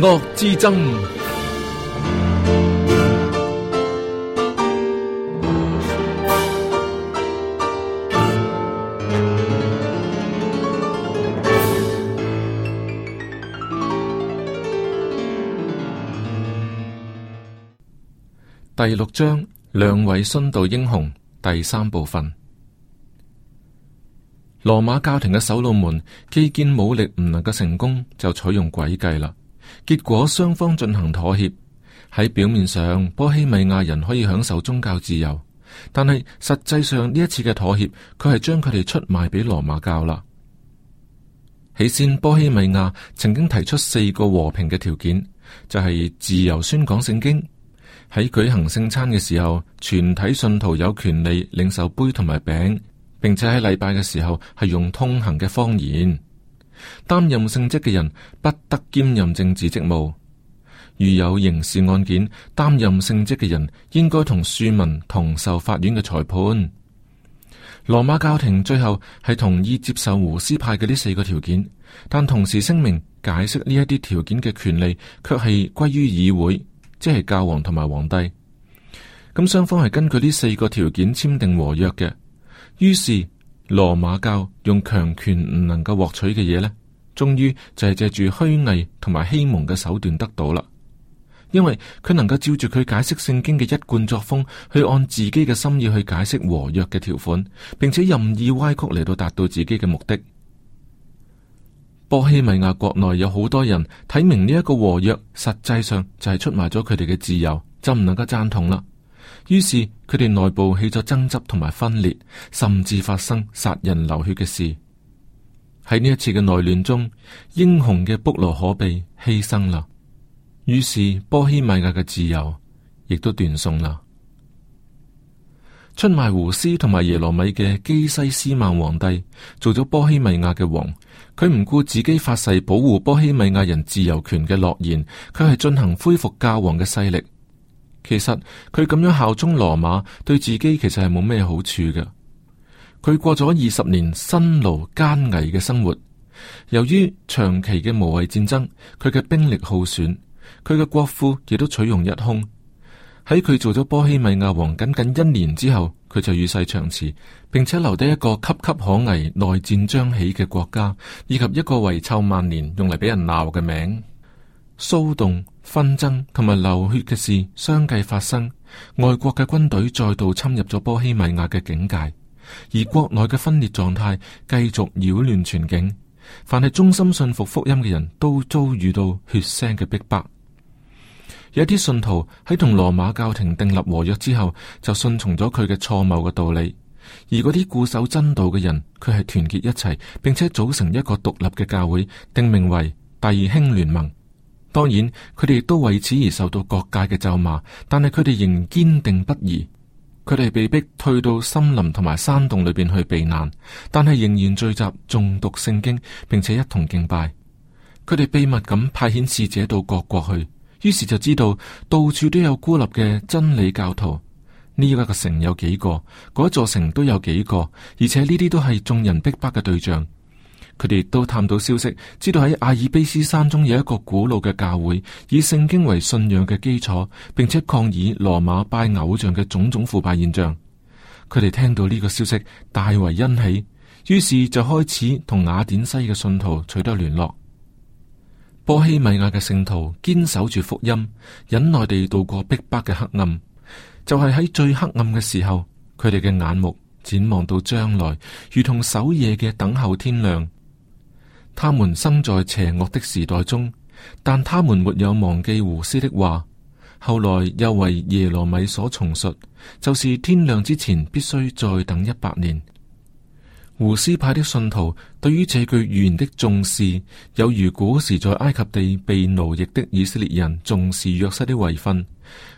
惡之爭，第六章，兩位殉道英雄，第三部分。羅馬教廷嘅首腦們，基建武力唔能夠成功，就採用詭計啦。結果雙方進行妥協，喺表面上波希米亞人可以享受宗教自由，但係實際上呢一次嘅妥協，佢係將佢哋出賣俾羅馬教啦。起先波希米亞曾經提出四個和平嘅條件，就係自由宣講聖經，喺舉行聖餐嘅時候，全體信徒有權利領受杯同埋餅，並且喺禮拜嘅時候係用通行嘅方言。擔任聖職嘅人不得兼任政治職務。如有刑事案件，擔任聖職嘅人應該同庶民同受法院嘅裁判。羅馬教廷最後係同意接受胡斯派嘅呢四個條件，但同時聲明解釋呢一啲條件嘅權利卻係歸於議會，即係教皇同埋皇帝。咁雙方係根據呢四個條件簽訂和約嘅。於是。羅馬教用強權唔能夠獲取嘅嘢呢，終於就係借住虛偽同埋欺蒙嘅手段得到啦。因為佢能夠照住佢解釋聖經嘅一貫作風，去按自己嘅心意去解釋和約嘅條款，並且任意歪曲嚟到達到自己嘅目的。波希米亞國內有好多人睇明呢一個和約，實際上就係出賣咗佢哋嘅自由，就唔能夠贊同啦。於是佢哋內部起咗爭執同埋分裂，甚至發生殺人流血嘅事。喺呢一次嘅內亂中，英雄嘅卜羅可被犧牲啦。於是波希米亞嘅自由亦都斷送啦。出賣胡斯同埋耶羅米嘅基西斯曼皇帝做咗波希米亞嘅王，佢唔顧自己發誓保護波希米亞人自由權嘅諾言，佢係進行恢復教皇嘅勢力。其實佢咁樣效忠羅馬，對自己其實係冇咩好處嘅。佢過咗二十年辛勞艱危嘅生活，由於長期嘅無謂戰爭，佢嘅兵力耗損，佢嘅國庫亦都取用一空。喺佢做咗波希米亞王僅僅一年之後，佢就與世長辭，並且留低一個岌岌可危、內戰將起嘅國家，以及一個遺臭萬年用、用嚟俾人鬧嘅名——蘇動。紛爭同埋流血嘅事相繼發生，外國嘅軍隊再度侵入咗波希米亞嘅境界，而國內嘅分裂狀態繼續擾亂全境。凡係忠心信服福音嘅人都遭遇到血腥嘅逼迫。有啲信徒喺同羅馬教廷訂立和約之後，就順從咗佢嘅錯謬嘅道理；而嗰啲固守真道嘅人，佢係團結一齊，並且組成一個獨立嘅教會，定名為弟兄聯盟。當然，佢哋亦都為此而受到各界嘅咒罵，但係佢哋仍堅定不移。佢哋被迫退到森林同埋山洞裏邊去避難，但係仍然聚集、誦讀聖經，並且一同敬拜。佢哋秘密咁派遣使者到各國去，於是就知道到處都有孤立嘅真理教徒。呢一個城有幾個，嗰一座城都有幾個，而且呢啲都係眾人逼迫嘅對象。佢哋都探到消息，知道喺阿爾卑斯山中有一個古老嘅教會，以聖經為信仰嘅基礎，並且抗議羅馬拜偶像嘅種種腐敗現象。佢哋聽到呢個消息，大為欣喜，於是就開始同雅典西嘅信徒取得聯絡。波希米亞嘅聖徒堅守住福音，忍耐地度過逼迫嘅黑暗。就係喺最黑暗嘅時候，佢哋嘅眼目展望到將來，如同守夜嘅等候天亮。他們生在邪惡的時代中，但他們沒有忘記胡斯的話。後來又為耶羅米所重述，就是天亮之前必須再等一百年。胡斯派的信徒對於這句預言的重視，有如古時在埃及地被奴役的以色列人重視約瑟的遺訓。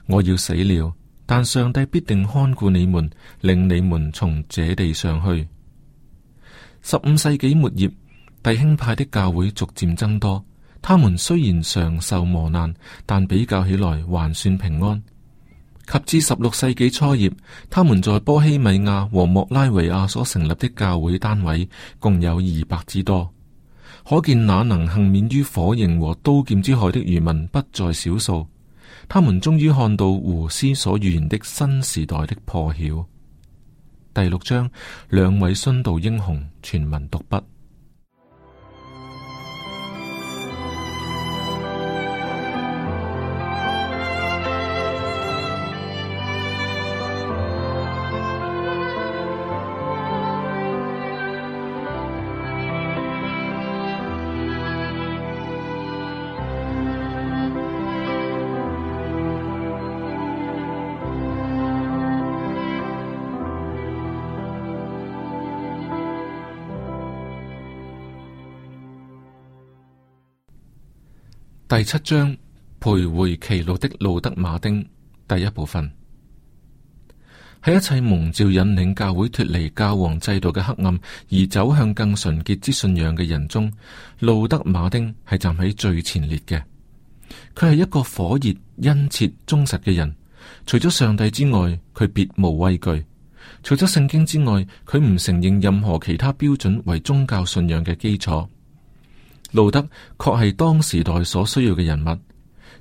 我要死了，但上帝必定看顧你們，令你們從這地上去。十五世紀末葉。弟兄派的教會逐漸增多，他們雖然常受磨難，但比較起來還算平安。及至十六世紀初葉，他們在波希米亞和莫拉維亞所成立的教會單位共有二百之多，可見那能幸免於火刑和刀劍之害的餘民不在少數。他們終於看到胡斯所預言的新時代的破曉。第六章：兩位殉道英雄全文讀畢。.第七章，徘徊歧路的路德馬丁，第一部分。喺一切蒙召引領教會脫離教皇制度嘅黑暗而走向更純潔之信仰嘅人中，路德馬丁係站喺最前列嘅。佢係一個火熱、殷切、忠實嘅人，除咗上帝之外，佢別無畏懼；除咗聖經之外，佢唔承認任何其他標準為宗教信仰嘅基礎。路德確係當時代所需要嘅人物，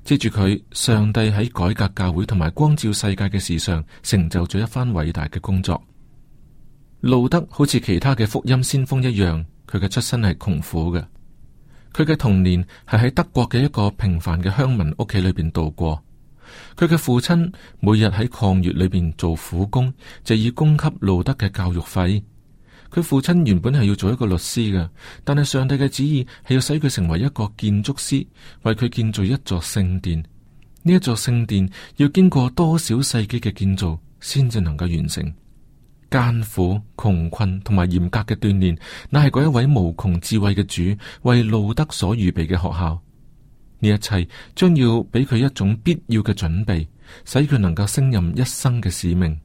借住佢，上帝喺改革教會同埋光照世界嘅事上，成就咗一番偉大嘅工作。路德好似其他嘅福音先鋒一樣，佢嘅出身係窮苦嘅，佢嘅童年係喺德國嘅一個平凡嘅鄉民屋企裏邊度過。佢嘅父親每日喺礦穴裏邊做苦工，就以供給路德嘅教育費。佢父親原本係要做一個律師嘅，但係上帝嘅旨意係要使佢成為一個建築師，為佢建造一座聖殿。呢一座聖殿要經過多少世紀嘅建造先至能夠完成？艱苦、窮困同埋嚴格嘅鍛煉，乃係嗰一位無窮智慧嘅主為路德所預備嘅學校。呢一切將要俾佢一種必要嘅準備，使佢能夠升任一生嘅使命。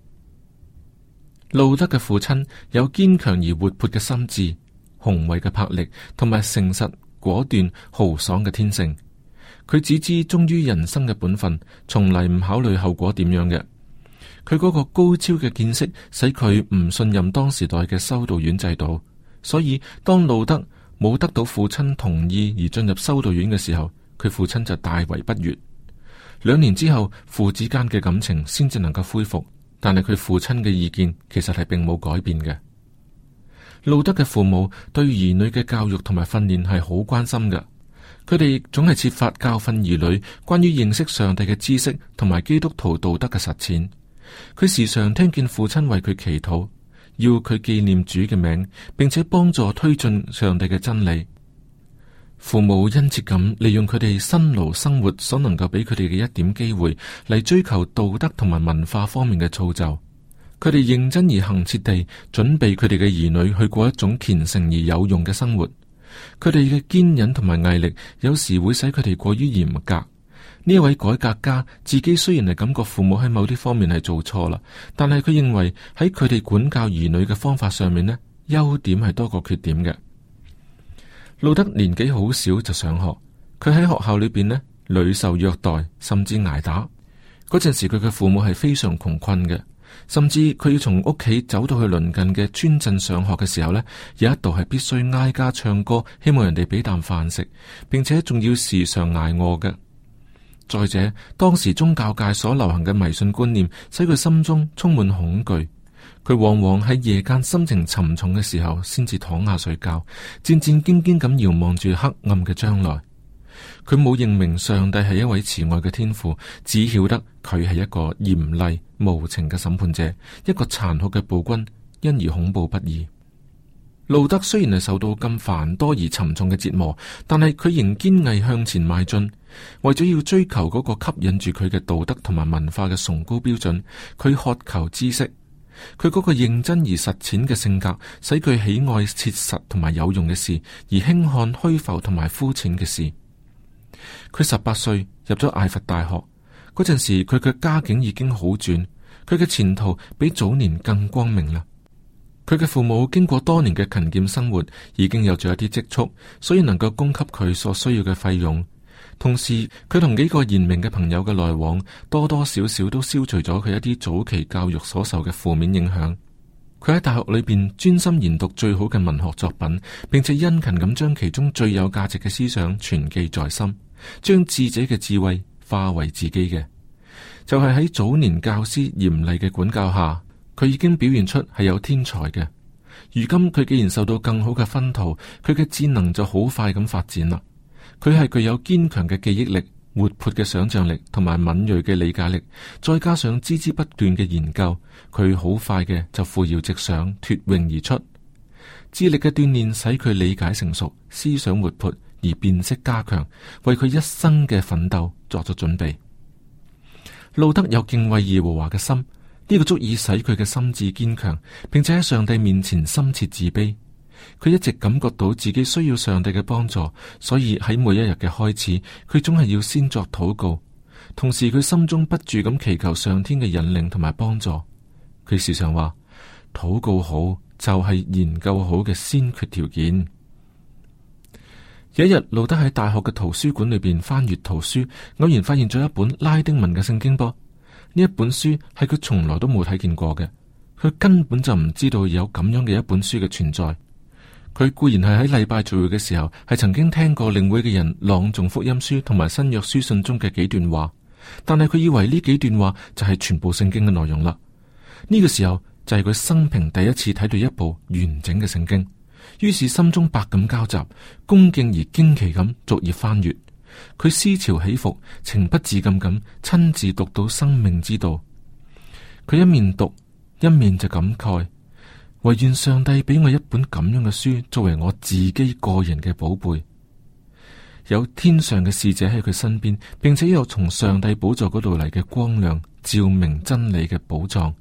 路德嘅父親有堅強而活潑嘅心智，宏偉嘅魄力，同埋誠實、果斷、豪爽嘅天性。佢只知忠於人生嘅本分，從嚟唔考慮後果點樣嘅。佢嗰個高超嘅見識，使佢唔信任當時代嘅修道院制度。所以當路德冇得到父親同意而進入修道院嘅時候，佢父親就大為不悅。兩年之後，父子間嘅感情先至能夠恢復。但係佢父親嘅意見其實係並冇改變嘅。路德嘅父母對兒女嘅教育同埋訓練係好關心嘅，佢哋亦總係設法教訓兒女關於認識上帝嘅知識同埋基督徒道德嘅實踐。佢時常聽見父親為佢祈禱，要佢紀念主嘅名，並且幫助推進上帝嘅真理。父母殷切咁利用佢哋辛勞生活所能夠俾佢哋嘅一點機會嚟追求道德同埋文化方面嘅造就，佢哋認真而恆切地準備佢哋嘅兒女去過一種虔誠而有用嘅生活。佢哋嘅堅忍同埋毅力有時會使佢哋過於嚴格。呢位改革家自己雖然係感覺父母喺某啲方面係做錯啦，但係佢認為喺佢哋管教兒女嘅方法上面呢，優點係多過缺點嘅。路德年紀好小就上學，佢喺學校裏邊呢，屢受虐待，甚至挨打。嗰陣時佢嘅父母係非常窮困嘅，甚至佢要從屋企走到去鄰近嘅村鎮上學嘅時候呢，有一度係必須挨家唱歌，希望人哋俾啖飯食，並且仲要時常挨餓嘅。再者，當時宗教界所流行嘅迷信觀念，使佢心中充滿恐懼。佢往往喺夜間心情沉重嘅時候，先至躺下睡覺，戰戰兢兢咁遙望住黑暗嘅將來。佢冇認明上帝係一位慈愛嘅天父，只曉得佢係一個嚴厲無情嘅審判者，一個殘酷嘅暴君，因而恐怖不已。路德雖然係受到咁繁多而沉重嘅折磨，但係佢仍堅毅向前邁進，為咗要追求嗰個吸引住佢嘅道德同埋文化嘅崇高標準，佢渴求知識。佢嗰個認真而實踐嘅性格，使佢喜愛切實同埋有用嘅事，而輕看虛浮同埋膚淺嘅事。佢十八歲入咗艾佛大學，嗰陣時，佢嘅家境已經好轉，佢嘅前途比早年更光明啦。佢嘅父母經過多年嘅勤儉生活，已經有咗一啲積蓄，所以能夠供給佢所需要嘅費用。同時，佢同幾個賢明嘅朋友嘅來往，多多少少都消除咗佢一啲早期教育所受嘅負面影響。佢喺大學裏邊專心研讀最好嘅文學作品，並且殷勤咁將其中最有價值嘅思想存記在心，將智者嘅智慧化為自己嘅。就係、是、喺早年教師嚴厲嘅管教下，佢已經表現出係有天才嘅。如今佢既然受到更好嘅熏陶，佢嘅智能就好快咁發展啦。佢係具有堅強嘅記憶力、活潑嘅想象力同埋敏銳嘅理解力，再加上孜孜不倦嘅研究，佢好快嘅就扶搖直上，脫穎而出。智力嘅鍛煉使佢理解成熟，思想活潑而辨識加強，為佢一生嘅奮鬥作咗準備。路德有敬畏耶和華嘅心，呢個足以使佢嘅心智堅強，並且喺上帝面前深切自卑。佢一直感覺到自己需要上帝嘅幫助，所以喺每一日嘅開始，佢總係要先作禱告。同時，佢心中不住咁祈求上天嘅引領同埋幫助。佢時常話禱告好就係研究好嘅先決條件。有一日，路德喺大學嘅圖書館裏邊翻閱圖書，偶然發現咗一本拉丁文嘅聖經噃。呢一本書係佢從來都冇睇見過嘅，佢根本就唔知道有咁樣嘅一本書嘅存在。佢固然係喺禮拜聚會嘅時候，係曾經聽過領會嘅人朗誦福音書同埋新約書信中嘅幾段話，但係佢以為呢幾段話就係全部聖經嘅內容啦。呢個時候就係佢生平第一次睇到一部完整嘅聖經，於是心中百感交集，恭敬而驚奇咁逐頁翻閱，佢思潮起伏，情不自禁咁親自讀到生命之道。佢一面讀，一面就感慨。唯願上帝俾我一本咁樣嘅書，作為我自己個人嘅寶貝。有天上嘅使者喺佢身邊，並且有從上帝寶座嗰度嚟嘅光亮，照明真理嘅寶藏。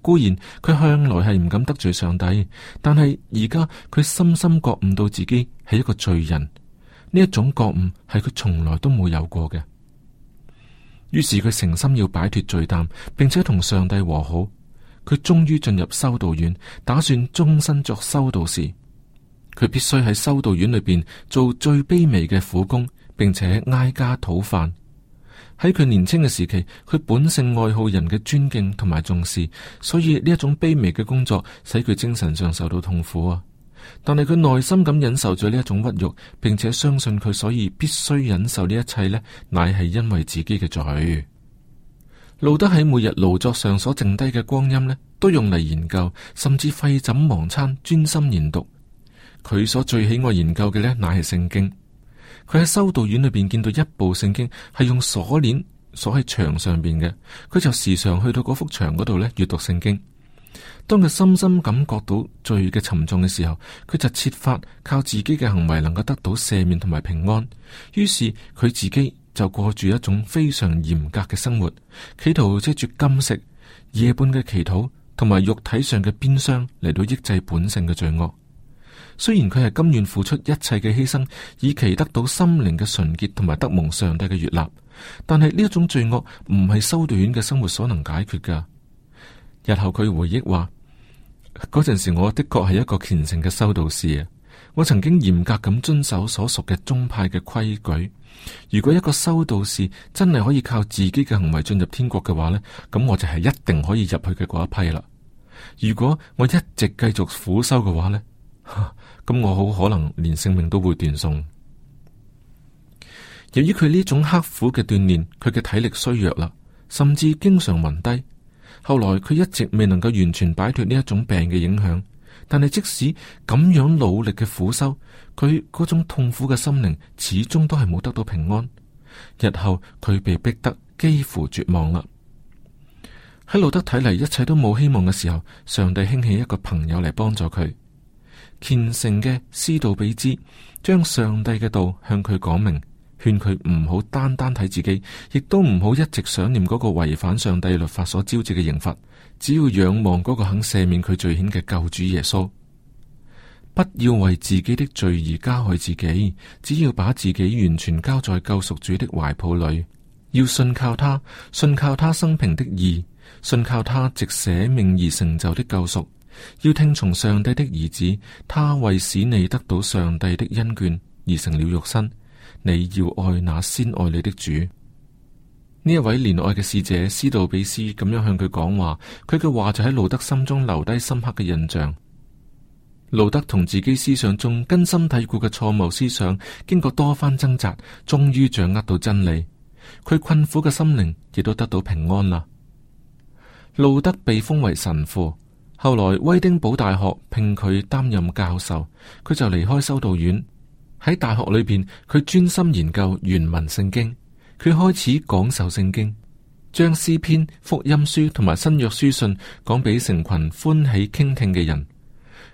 固然佢向來係唔敢得罪上帝，但係而家佢深深覺悟到自己係一個罪人，呢一種覺悟係佢從來都冇有過嘅。於是佢誠心要擺脫罪擔，並且同上帝和好。佢終於進入修道院，打算終身作修道士。佢必須喺修道院裏邊做最卑微嘅苦工，並且挨家討飯。喺佢年輕嘅時期，佢本性愛好人嘅尊敬同埋重視，所以呢一種卑微嘅工作使佢精神上受到痛苦啊！但係佢內心咁忍受咗呢一種屈辱，並且相信佢所以必須忍受呢一切，呢乃係因為自己嘅罪。路德喺每日勞作上所剩低嘅光陰呢，都用嚟研究，甚至廢枕忘餐，專心研讀。佢所最喜愛研究嘅呢，乃係聖經。佢喺修道院裏邊見到一部聖經，係用鎖鏈鎖喺牆上邊嘅，佢就時常去到嗰幅牆嗰度呢閱讀聖經。當佢深深感覺到罪嘅沉重嘅時候，佢就設法靠自己嘅行為能夠得到赦免同埋平安。於是佢自己。就過住一種非常嚴格嘅生活，企圖藉住禁食夜半嘅祈禱同埋肉體上嘅鞭傷嚟到抑制本性嘅罪惡。雖然佢係甘願付出一切嘅犧牲，以期得到心靈嘅純潔同埋得蒙上帝嘅悅納，但係呢一種罪惡唔係修道院嘅生活所能解決噶。日後佢回憶話：嗰陣時我的確係一個虔誠嘅修道士啊，我曾經嚴格咁遵守所屬嘅宗派嘅規矩。如果一個修道士真係可以靠自己嘅行為進入天國嘅話呢，咁我就係一定可以入去嘅嗰一批啦。如果我一直繼續苦修嘅話呢，咁我好可能連性命都會斷送。由於佢呢種刻苦嘅鍛煉，佢嘅體力衰弱啦，甚至經常暈低。後來佢一直未能夠完全擺脫呢一種病嘅影響。但係即使咁樣努力嘅苦修，佢嗰種痛苦嘅心靈始終都係冇得到平安，日後佢被逼得幾乎絕望啦。喺路德睇嚟，一切都冇希望嘅時候，上帝興起一個朋友嚟幫助佢，虔誠嘅施道比之，將上帝嘅道向佢講明，勸佢唔好單單睇自己，亦都唔好一直想念嗰個違反上帝律法所招致嘅刑罰。只要仰望嗰個肯赦免佢罪愆嘅救主耶穌，不要為自己的罪而加害自己，只要把自己完全交在救贖主的懷抱裏，要信靠他，信靠他生平的義，信靠他藉捨命而成就的救贖，要聽從上帝的兒子，他為使你得到上帝的恩眷而成了肉身，你要愛那先愛你的主。呢一位憐愛嘅使者斯道比斯咁樣向佢講話，佢嘅話就喺路德心中留低深刻嘅印象。路德同自己思想中根深蒂固嘅錯誤思想，經過多番掙扎，終於掌握到真理。佢困苦嘅心靈亦都得到平安啦。路德被封為神父，後來威丁堡大學聘佢擔任教授，佢就離開修道院，喺大學裏邊，佢專心研究原文聖經。佢開始講授聖經，將詩篇、福音書同埋新約書信講俾成群歡喜傾聽嘅人。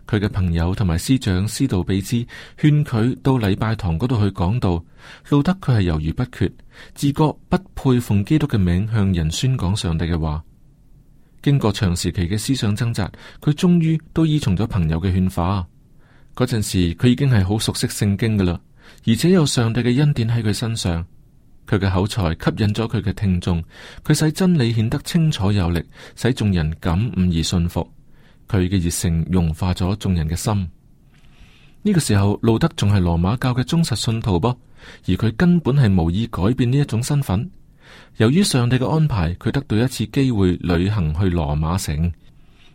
佢嘅朋友同埋師長司道比斯勸佢到禮拜堂嗰度去講道，路德佢係猶豫不決，自覺不配奉基督嘅名向人宣講上帝嘅話。經過長時期嘅思想掙扎，佢終於都依從咗朋友嘅勸化。嗰陣時，佢已經係好熟悉聖經噶啦，而且有上帝嘅恩典喺佢身上。佢嘅口才吸引咗佢嘅聽眾，佢使真理顯得清楚有力，使眾人感悟而信服。佢嘅熱誠融化咗眾人嘅心。呢個時候，路德仲係羅馬教嘅忠實信徒噃，而佢根本係無意改變呢一種身份。由於上帝嘅安排，佢得到一次機會旅行去羅馬城。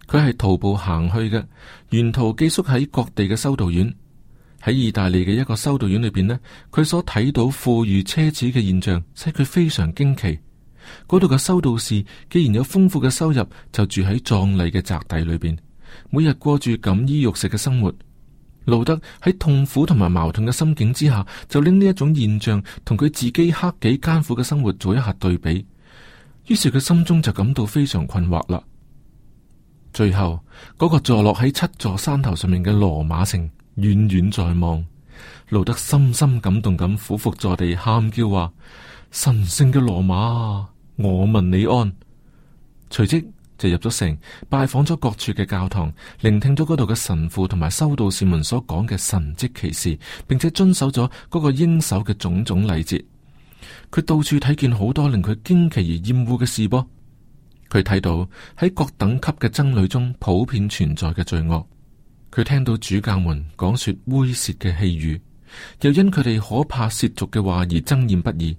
佢係徒步行去嘅，沿途寄宿喺各地嘅修道院。喺意大利嘅一個修道院裏邊呢，佢所睇到富裕奢侈嘅現象，使佢非常驚奇。嗰度嘅修道士既然有豐富嘅收入，就住喺壯麗嘅宅邸裏邊，每日過住錦衣玉食嘅生活。路德喺痛苦同埋矛盾嘅心境之下，就拎呢一種現象同佢自己克己艱苦嘅生活做一下對比，於是佢心中就感到非常困惑啦。最後嗰個坐落喺七座山頭上面嘅羅馬城。遠遠在望，路德深深感動，咁俯伏在地，喊叫話：神聖嘅羅馬，我問你安！隨即就入咗城，拜訪咗各處嘅教堂，聆聽咗嗰度嘅神父同埋修道士們所講嘅神蹟奇事，並且遵守咗嗰個應守嘅種種禮節。佢到處睇見好多令佢驚奇而厭惡嘅事噃。佢睇到喺各等級嘅僧侶中普遍存在嘅罪惡。佢聽到主教們講說，說猥褻嘅戲語，又因佢哋可怕褻瀆嘅話而憎厭不已。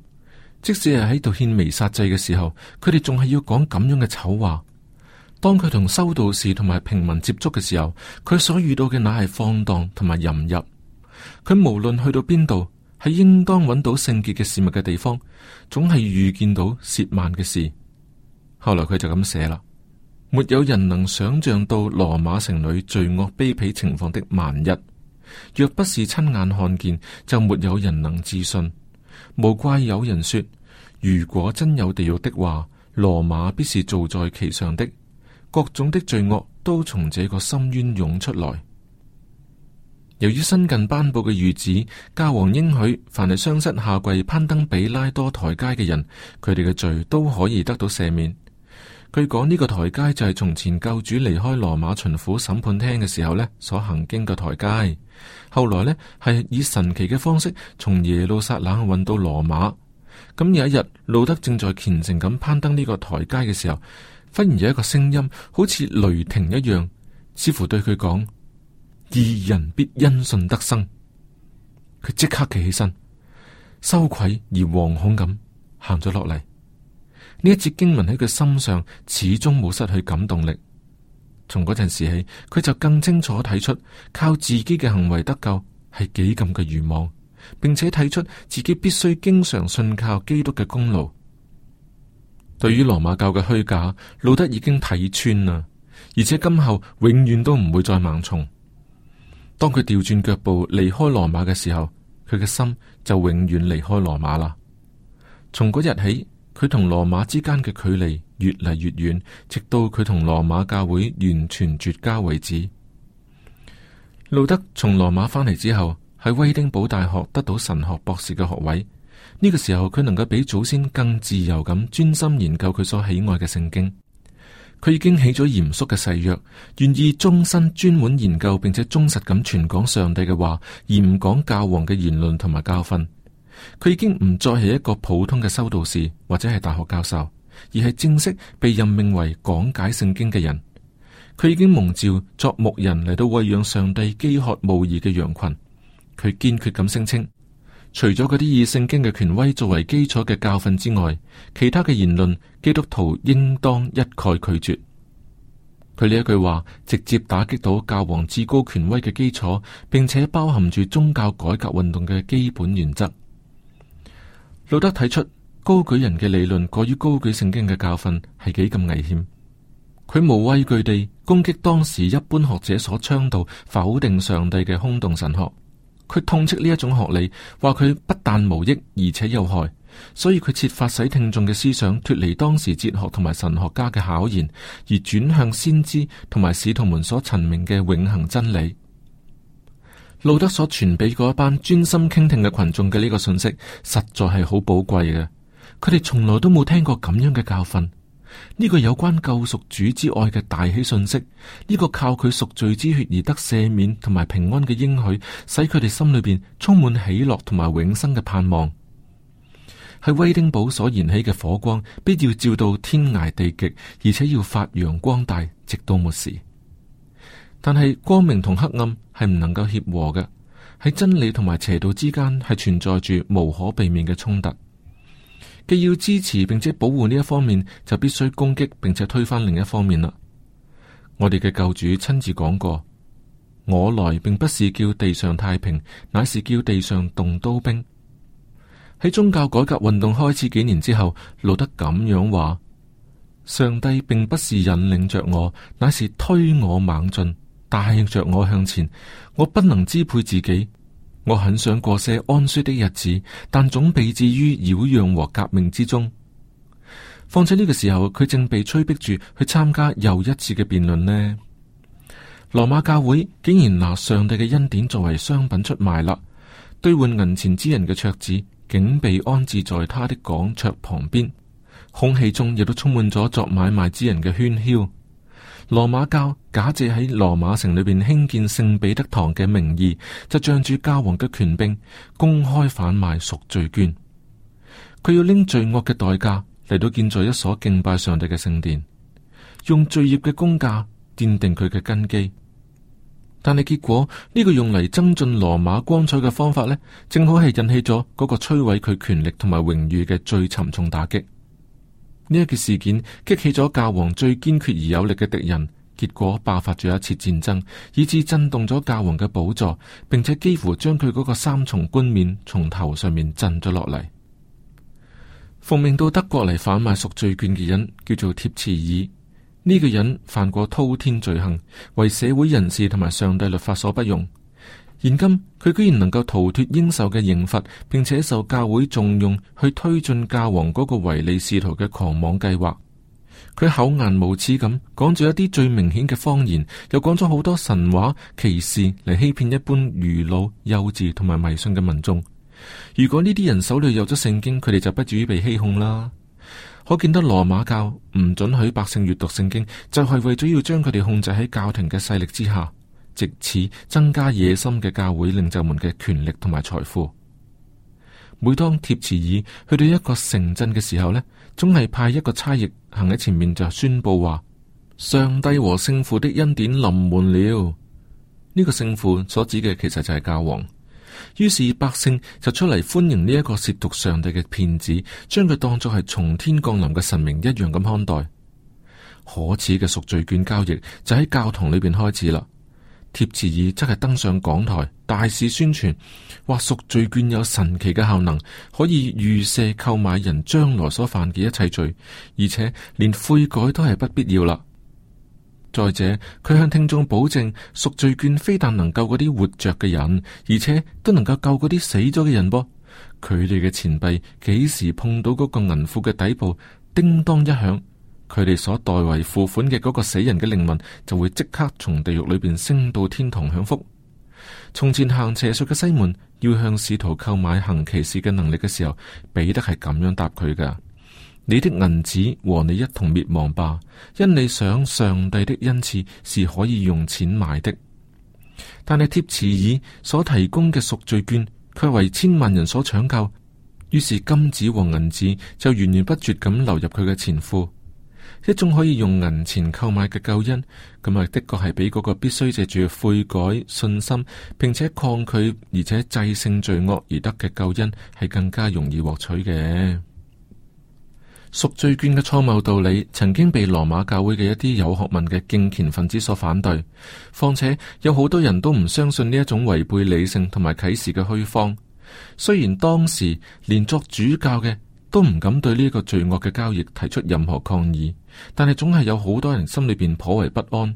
即使係喺度獻彌撒祭嘅時候，佢哋仲係要講咁樣嘅醜話。當佢同修道士同埋平民接觸嘅時候，佢所遇到嘅乃係放蕩同埋淫佚。佢無論去到邊度，喺應當揾到聖潔嘅事物嘅地方，總係遇見到褻慢嘅事。後來佢就咁寫啦。沒有人能想象到羅馬城裏罪惡卑鄙情況的萬一，若不是親眼看見，就沒有人能自信。無怪有人說，如果真有地獄的話，羅馬必是做在其上的。各種的罪惡都從這個深淵湧出來。由於新近頒布嘅諭旨，教皇應許凡係雙膝下跪攀登比拉多台階嘅人，佢哋嘅罪都可以得到赦免。佢講呢個台階就係從前救主離開羅馬巡撫審判廳嘅時候咧所行經嘅台階，後來咧係以神奇嘅方式從耶路撒冷運到羅馬。咁有一日，路德正在虔誠咁攀登呢個台階嘅時候，忽然有一個聲音好似雷霆一樣，似乎對佢講：義人必因信得生。佢即刻企起身，羞愧而惶恐咁行咗落嚟。呢一節經文喺佢心上始終冇失去感動力。從嗰陣時起，佢就更清楚睇出靠自己嘅行為得救係幾咁嘅愚妄，並且睇出自己必須經常信靠基督嘅功勞。對於羅馬教嘅虛假，路德已經睇穿啦，而且今後永遠都唔會再盲從。當佢調轉腳步離開羅馬嘅時候，佢嘅心就永遠離開羅馬啦。從嗰日起，佢同羅馬之間嘅距離越嚟越遠，直到佢同羅馬教會完全絕交為止。路德從羅馬翻嚟之後，喺威丁堡大學得到神學博士嘅學位。呢個時候，佢能夠比祖先更自由咁專心研究佢所喜愛嘅聖經。佢已經起咗嚴肅嘅誓約，願意終身專門研究並且忠實咁傳講上帝嘅話，而唔講教皇嘅言論同埋教訓。佢已經唔再係一個普通嘅修道士或者係大學教授，而係正式被任命為講解聖經嘅人。佢已經蒙召作牧人嚟到餵養上帝飢，上帝飢渴慕義嘅羊群。佢堅決咁聲稱：除咗嗰啲以聖經嘅權威作為基礎嘅教訓之外，其他嘅言論基督徒應當一概拒絕。佢呢一句話直接打擊到教皇至高權威嘅基礎，並且包含住宗教改革運動嘅基本原則。路德睇出高舉人嘅理論過於高舉聖經嘅教訓係幾咁危險，佢無畏懼地攻擊當時一般學者所倡導否定上帝嘅空洞神學，佢痛斥呢一種學理，話佢不但無益而且有害，所以佢設法使聽眾嘅思想脫離當時哲學同埋神學家嘅考驗，而轉向先知同埋使徒們所陳明嘅永恆真理。路德所傳俾嗰一班專心傾聽嘅群眾嘅呢個信息，實在係好寶貴嘅。佢哋從來都冇聽過咁樣嘅教訓。呢、這個有關救贖主之愛嘅大喜信息，呢、這個靠佢贖罪之血而得赦免同埋平安嘅應許，使佢哋心裏邊充滿喜樂同埋永生嘅盼望。喺威丁堡所燃起嘅火光，必要照到天涯地極，而且要發揚光大，直到末時。但係光明同黑暗係唔能夠協和嘅，喺真理同埋邪道之間係存在住無可避免嘅衝突。既要支持並且保護呢一方面，就必須攻擊並且推翻另一方面啦。我哋嘅救主親自講過：我來並不是叫地上太平，乃是叫地上動刀兵。喺宗教改革運動開始幾年之後，路德咁樣話：上帝並不是引領着我，乃是推我猛進。帶領着我向前，我不能支配自己。我很想過些安舒的日子，但總被置於擾攘和革命之中。況且呢個時候，佢正被催逼住去參加又一次嘅辯論呢。羅馬教會竟然拿上帝嘅恩典作為商品出賣啦！兌換銀錢之人嘅桌子，竟被安置在他的講桌旁邊。空氣中亦都充滿咗作買賣之人嘅喧囂。羅馬教假借喺羅馬城裏邊興建聖彼得堂嘅名義，就仗住教皇嘅權柄公開販賣贖罪券。佢要拎罪惡嘅代價嚟到建造一所敬拜上帝嘅聖殿，用罪孽嘅工價奠定佢嘅根基。但係結果呢個用嚟增進羅馬光彩嘅方法呢，正好係引起咗嗰個摧毀佢權力同埋榮譽嘅最沉重打擊。呢一個事件激起咗教皇最堅決而有力嘅敵人，結果爆發咗一次戰爭，以致震動咗教皇嘅寶座，並且幾乎將佢嗰個三重冠冕從頭上面震咗落嚟。奉命到德國嚟販賣贖罪券嘅人叫做帖慈爾，呢個人犯過滔天罪行，為社會人士同埋上帝律法所不容。現今佢居然能夠逃脫應受嘅刑罰，並且受教會重用去推進教皇嗰個唯利是圖嘅狂妄計劃。佢厚顏無恥咁講咗一啲最明顯嘅謊言，又講咗好多神話、歧視嚟欺騙一般愚老、幼稚同埋迷信嘅民眾。如果呢啲人手裏有咗聖經，佢哋就不至於被欺控啦。可見得羅馬教唔准許百姓閱讀聖經，就係、是、為咗要將佢哋控制喺教廷嘅勢力之下。借此增加野心嘅教會領袖們嘅權力同埋財富。每當貼池爾去到一個城鎮嘅時候呢，總係派一個差役行喺前面就宣佈話：上帝和聖父的恩典臨門了。呢、這個聖父所指嘅其實就係教皇。於是百姓就出嚟歡迎呢一個褻瀆上帝嘅騙子，將佢當作係從天降臨嘅神明一樣咁看待。可恥嘅贖罪券交易就喺教堂裏邊開始啦。貼詞兒則係登上講台，大肆宣傳，話贖罪券有神奇嘅效能，可以預赦購買人將來所犯嘅一切罪，而且連悔改都係不必要啦。再者，佢向聽眾保證，贖罪券非但能夠救嗰啲活着嘅人，而且都能夠救嗰啲死咗嘅人。噃，佢哋嘅錢幣幾時碰到嗰個銀庫嘅底部，叮當一響。佢哋所代為付款嘅嗰個死人嘅靈魂就會即刻從地獄裏邊升到天堂享福。從前行邪術嘅西門要向使徒購買行奇事嘅能力嘅時候，彼得係咁樣答佢噶：，你的銀子和你一同滅亡吧，因你想上帝的恩賜是可以用錢買的。但係貼慈耳所提供嘅贖罪券卻為千萬人所搶購，於是金子和銀子就源源不絕咁流入佢嘅錢庫。一種可以用銀錢購買嘅救恩，咁啊，的確係比嗰個必須借住悔改信心，並且抗拒而且制勝罪惡而得嘅救恩係更加容易獲取嘅。贖罪券嘅錯謬道理曾經被羅馬教會嘅一啲有學問嘅敬虔分子所反對，況且有好多人都唔相信呢一種違背理性同埋啟示嘅虛方。雖然當時連作主教嘅。都唔敢對呢個罪惡嘅交易提出任何抗議，但係總係有好多人心裏邊頗為不安，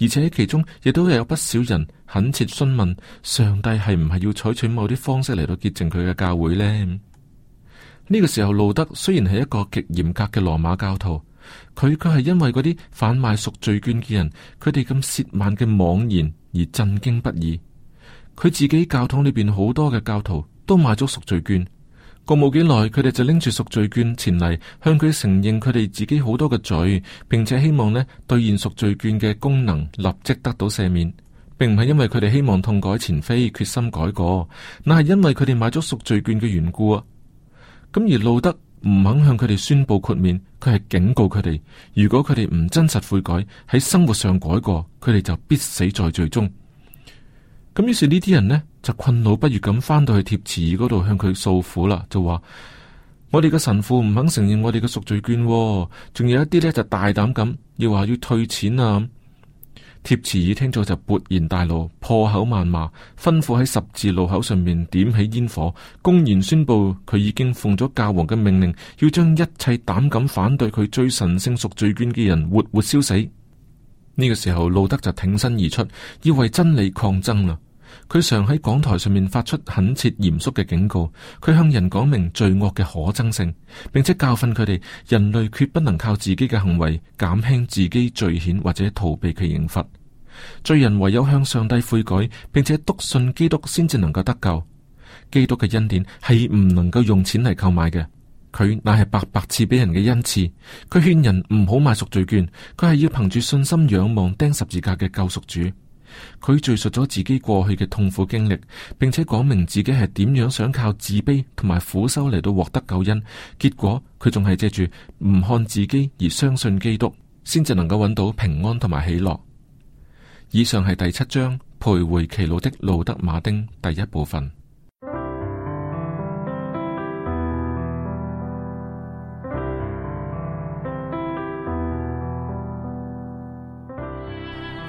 而且其中亦都有不少人懇切詢問，上帝係唔係要採取某啲方式嚟到潔淨佢嘅教會呢？呢、呢個時候，路德雖然係一個極嚴格嘅羅馬教徒，佢卻係因為嗰啲販賣贖罪券嘅人，佢哋咁褻慢嘅妄言而震驚不已。佢自己教堂裏邊好多嘅教徒都買咗贖罪券。過冇幾耐，佢哋就拎住贖罪券前嚟，向佢承認佢哋自己好多嘅罪，並且希望呢兌現贖罪券嘅功能，立即得到赦免，並唔係因為佢哋希望痛改前非，決心改過，那係因為佢哋買咗贖罪券嘅緣故啊！咁而路德唔肯向佢哋宣布豁免，佢係警告佢哋，如果佢哋唔真實悔改，喺生活上改過，佢哋就必死在罪中。咁於是呢啲人呢。困惑，不如咁翻到去貼詞嗰度向佢訴苦啦，就話我哋嘅神父唔肯承認我哋嘅贖罪券，哦，仲有一啲呢，就大膽咁要話要退錢啊！貼詞兒聽咗就勃然大怒，破口謾罵，吩咐喺十字路口上面點起煙火，公然宣布佢已經奉咗教皇嘅命令，要將一切膽敢反對佢最神聖贖罪券嘅人活活燒死。呢、這個時候，路德就挺身而出，要為真理抗爭啦。佢常喺講台上面發出懇切嚴肅嘅警告，佢向人講明罪惡嘅可憎性，並且教訓佢哋：人類決不能靠自己嘅行為減輕自己罪險或者逃避其刑罰。罪人唯有向上帝悔改，並且篤信基督，先至能夠得救。基督嘅恩典係唔能夠用錢嚟購買嘅，佢乃係白白賜俾人嘅恩賜。佢勸人唔好買贖罪券，佢係要憑住信心仰望釘十字架嘅救贖主。佢敘述咗自己過去嘅痛苦經歷，並且講明自己係點樣想靠自卑同埋苦修嚟到獲得救恩。結果佢仲係借住唔看自己而相信基督，先至能夠揾到平安同埋喜樂。以上係第七章徘徊歧路的路德馬丁第一部分。